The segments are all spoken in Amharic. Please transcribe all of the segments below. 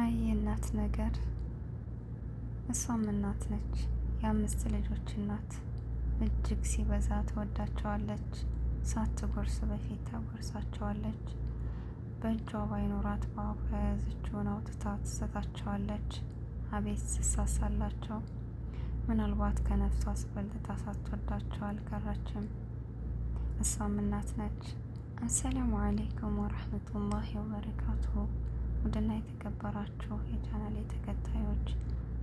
አይ የእናት ነገር። እሷም እናት ነች፣ የአምስት ልጆች እናት። እጅግ ሲበዛ ትወዳቸዋለች። ሳትጎርስ በፊት ታጎርሳቸዋለች። በእጇ ባይኖራት በአፏ የያዘችውን አውጥታ ትሰጣቸዋለች። አቤት ስሳሳላቸው! ምናልባት ከነፍሷ አስበልጣ ሳትወዳቸው አልቀረችም። እሷም እናት ነች። አሰላሙ አሌይኩም ወረህመቱላሂ ወበረካቱሁ ውድና የተከበራችሁ የቻናሌ ተከታዮች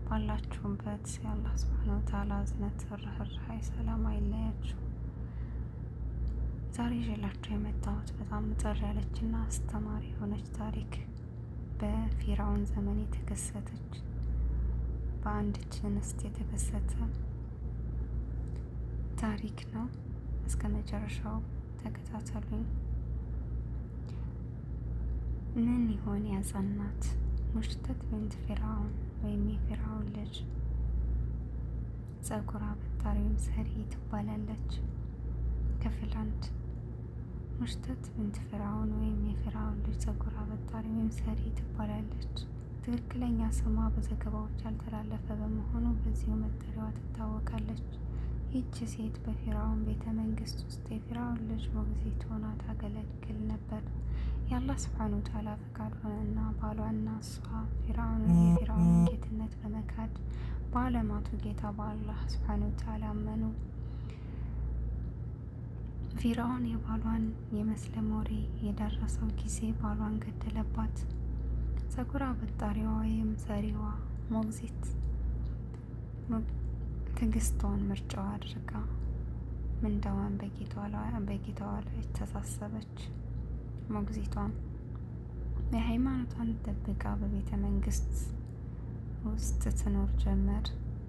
ባላችሁበት የአላህ ሱብሓነሁ ወተዓላ እዝነት ርኅራኄ ሰላም አይለያችሁ። ዛሬ ይዤላችሁ የመጣሁት በጣም ጸር ያለችና አስተማሪ የሆነች ታሪክ በፊራውን ዘመን የተከሰተች በአንድች እንስት የተከሰተ ታሪክ ነው። እስከ መጨረሻው ተከታተሉኝ። ምን ይሆን ያጸናት? ሙሽተት ብንት ፊርዓውን ወይም የፊርዓውን ልጅ ጸጉር አበጣሪ ወይም ሰሪ ትባላለች። ክፍል አንድ ሙሽተት ብንት ፊርዓውን ወይም የፊርዓውን ልጅ ጸጉር አበጣሪ ወይም ሰሪ ትባላለች። ትክክለኛ ስሟ በዘገባዎች ያልተላለፈ በመሆኑ በዚሁ መጠሪያዋ ትታወቃለች። ይህች ሴት በፊርዓውን ቤተ መንግስት ውስጥ የፊርዓውን ልጅ ሞግዚት ሆና ታገለግል ነበር። የአላህ ስብሓን ወተዓላ ፈቃድ ሆነና ባሏና እሷ ፊራውን የፊራውን ጌትነት በመካድ በአለማቱ ጌታ በአላህ ስብሓን ወተዓላ አመኑ። ፊራውን የባሏን የመስለም ወሬ የደረሰው ጊዜ ባሏን ገደለባት። ጸጉር አበጣሪዋ ወይም ዘሪዋ ሞግዚት ትዕግስቷን ምርጫዋ አድርጋ ምንዳዋን በጌታዋ ላይ ተሳሰበች። ሞግዚቷን የሃይማኖቷን ጠብቃ በቤተ መንግስት ውስጥ ትኖር ጀመር።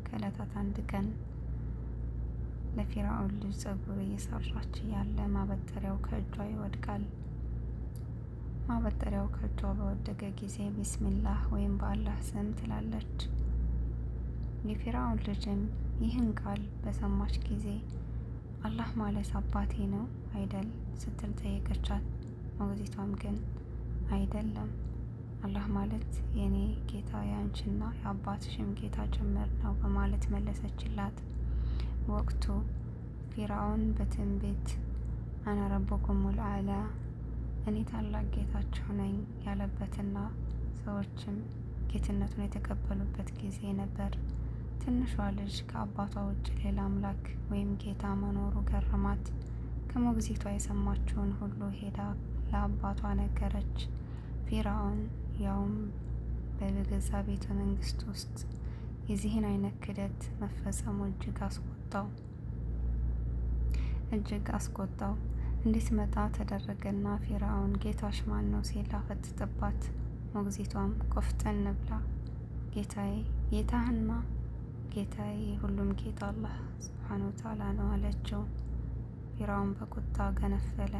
ከእለታት አንድ ቀን ለፊራኦን ልጅ ጸጉር እየሰራች እያለ ማበጠሪያው ከእጇ ይወድቃል። ማበጠሪያው ከእጇ በወደቀ ጊዜ ቢስሚላህ ወይም በአላህ ስም ትላለች። የፊራኦን ልጅም ይህን ቃል በሰማች ጊዜ አላህ ማለት አባቴ ነው አይደል ስትል ጠየቀቻት። ሞግዚቷም ግን አይደለም፣ አላህ ማለት የእኔ ጌታ የአንቺና የአባትሽም ጌታ ጭምር ነው በማለት መለሰችላት። ወቅቱ ፊራውን በትንቢት አነ ረቡኩሙል አዕላ እኔ ታላቅ ጌታችሁ ነኝ ያለበትና ሰዎችም ጌትነቱን የተቀበሉበት ጊዜ ነበር። ትንሿ ልጅ ከአባቷ ውጭ ሌላ አምላክ ወይም ጌታ መኖሩ ገረማት። ከሞግዚቷ የሰማችውን ሁሉ ሄዳ ለአባቷ ነገረች። ፊራውን ያውም በገዛ ቤተ መንግስት ውስጥ የዚህን አይነት ክደት መፈጸሙ እጅግ አስቆጣው እጅግ አስቆጣው። እንድትመጣ ተደረገና ፊራውን ጌታሽ ማን ነው ሲል አፈጠጠባት። ሞግዚቷም ቆፍጠን ብላ ጌታዬ ጌታህና ጌታዬ ሁሉም ጌታ አላህ ስብሓን ወታላ ነው አለችው። ፊራውን በቁጣ ገነፈለ።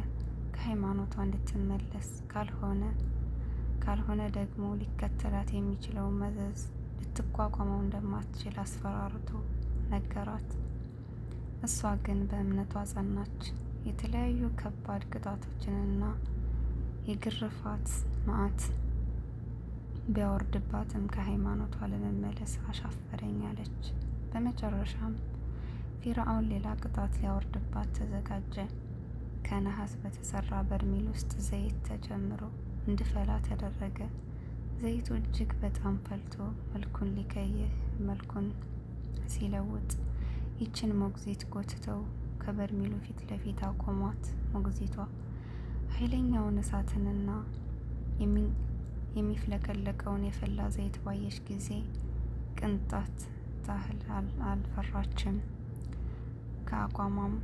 ከሃይማኖቷ እንድትመለስ ካልሆነ ካልሆነ ደግሞ ሊከተላት የሚችለው መዘዝ ልትቋቋመው እንደማትችል አስፈራርቶ ነገራት። እሷ ግን በእምነቷ ጸናች። የተለያዩ ከባድ ቅጣቶችንና የግርፋት መዓት ቢያወርድባትም ከሃይማኖቷ ለመመለስ አሻፈረኝ አለች። በመጨረሻም ፊርአውን ሌላ ቅጣት ሊያወርድባት ተዘጋጀ። ከነሐስ በተሰራ በርሜል ውስጥ ዘይት ተጨምሮ እንዲፈላ ተደረገ። ዘይቱ እጅግ በጣም ፈልቶ መልኩን ሊቀይር መልኩን ሲለውጥ ይችን ሞግዚት ጎትተው ከበርሜሉ ፊት ለፊት አቆሟት። ሞግዚቷ ኃይለኛውን እሳትንና የሚፍለቀለቀውን የፈላ ዘይት ባየች ጊዜ ቅንጣት ታህል አልፈራችም። ከአቋሟም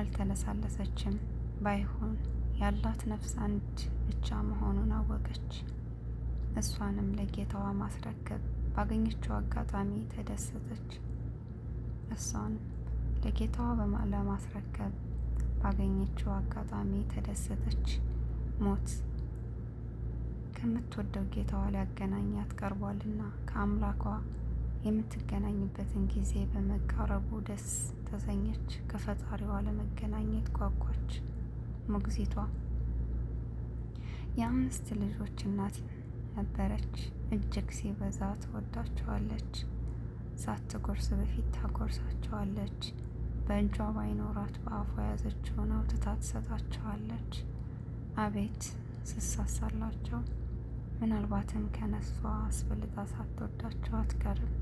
አልተለሳለሰችም። ባይሆን ያላት ነፍስ አንድ ብቻ መሆኑን አወቀች። እሷንም ለጌታዋ ማስረከብ ባገኘችው አጋጣሚ ተደሰተች። እሷን ለጌታዋ ለማስረከብ ባገኘችው አጋጣሚ ተደሰተች። ሞት ከምትወደው ጌታዋ ሊያገናኛት ቀርቧልና ከአምላኳ የምትገናኝበትን ጊዜ በመቃረቡ ደስ ተሰኘች። ከፈጣሪዋ ለመገናኘት ጓጓች። ሞግዚቷ የአምስት ልጆች እናት ነበረች። እጅግ ሲበዛ ትወዳቸዋለች። ሳትጎርስ በፊት ታጎርሳቸዋለች። በእጇ ባይኖራት በአፏ ያዘችውን አውጥታ ትሰጣቸዋለች። አቤት ስሳሳላቸው! ምናልባትም ከነሷ አስበልጣ ሳትወዳቸው አትቀርም።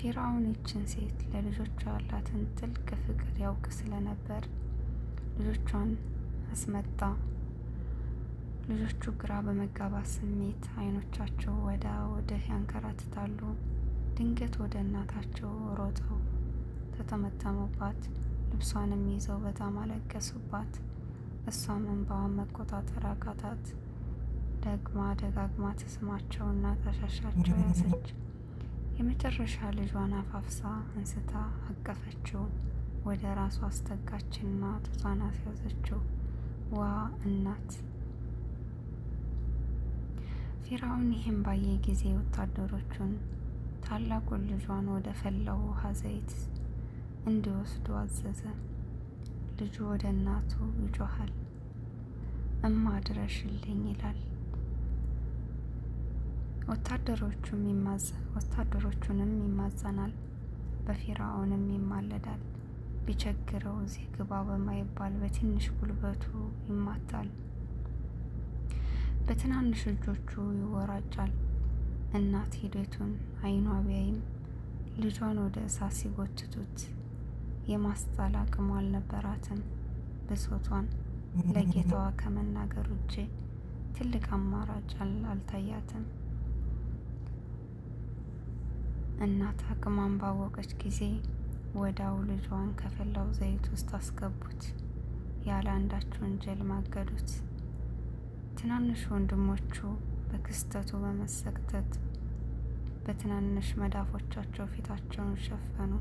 ፊርዓውን ይችን ሴት ለልጆቿ ያላትን ጥልቅ ፍቅር ያውቅ ስለነበር ልጆቿን አስመጣ። ልጆቹ ግራ በመጋባት ስሜት አይኖቻቸው ወዳ ወደህ ያንከራትታሉ። ድንገት ወደ እናታቸው ሮጠው ተተመተሙባት። ልብሷንም ይዘው በጣም አለቀሱባት። እሷም እንባዋን መቆጣጠር አቃታት። ደግማ ደጋግማ ትስማቸውና ታሻሻቸው ያዘች። የመጨረሻ ልጇን አፋፍሳ እንስታ አቀፈችው። ወደ ራሷ አስጠጋችና ጡቷን አስያዘችው። ዋ እናት! ፊራውን ይህም ባየ ጊዜ ወታደሮቹን ታላቁን ልጇን ወደ ፈላው ውሃ ዘይት እንዲወስዱ አዘዘ። ልጁ ወደ እናቱ ይጮሃል፣ እማ ድረሽልኝ ይላል። ወታደሮቹም ወታደሮቹንም ይማጸናል፣ በፊርዓውንም ይማለዳል። ቢቸግረው እዚህ ግባ በማይባል በትንሽ ጉልበቱ ይማታል፣ በትናንሽ እጆቹ ይወራጫል። እናት ሂደቱን አይኗ ቢያይም ልጇን ወደ እሳት ሲጎትቱት የማስጣል አቅሙ አልነበራትም። ብሶቷን ለጌታዋ ከመናገር ውጭ ትልቅ አማራጭ አላ እናት አቅሟን ባወቀች ጊዜ ወዳው ልጇን ከፈላው ዘይት ውስጥ አስገቡት፣ ያለ አንዳች ወንጀል ማገዱት። ትናንሽ ወንድሞቹ በክስተቱ በመሰቅጠጥ በትናንሽ መዳፎቻቸው ፊታቸውን ሸፈኑ።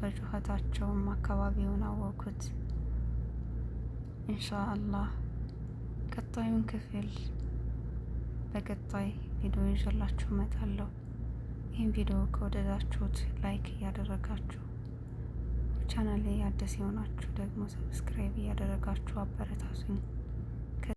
በጩኸታቸውም አካባቢውን አወኩት። ኢንሻ አላህ ቀጣዩን ክፍል በቀጣይ ቪዲዮ ይዤላችሁ እመጣለሁ። ይህን ቪዲዮ ከወደዳችሁት ላይክ እያደረጋችሁ ቻናል ላይ አዲስ የሆናችሁ ደግሞ ሰብስክራይብ እያደረጋችሁ አበረታቱኝ።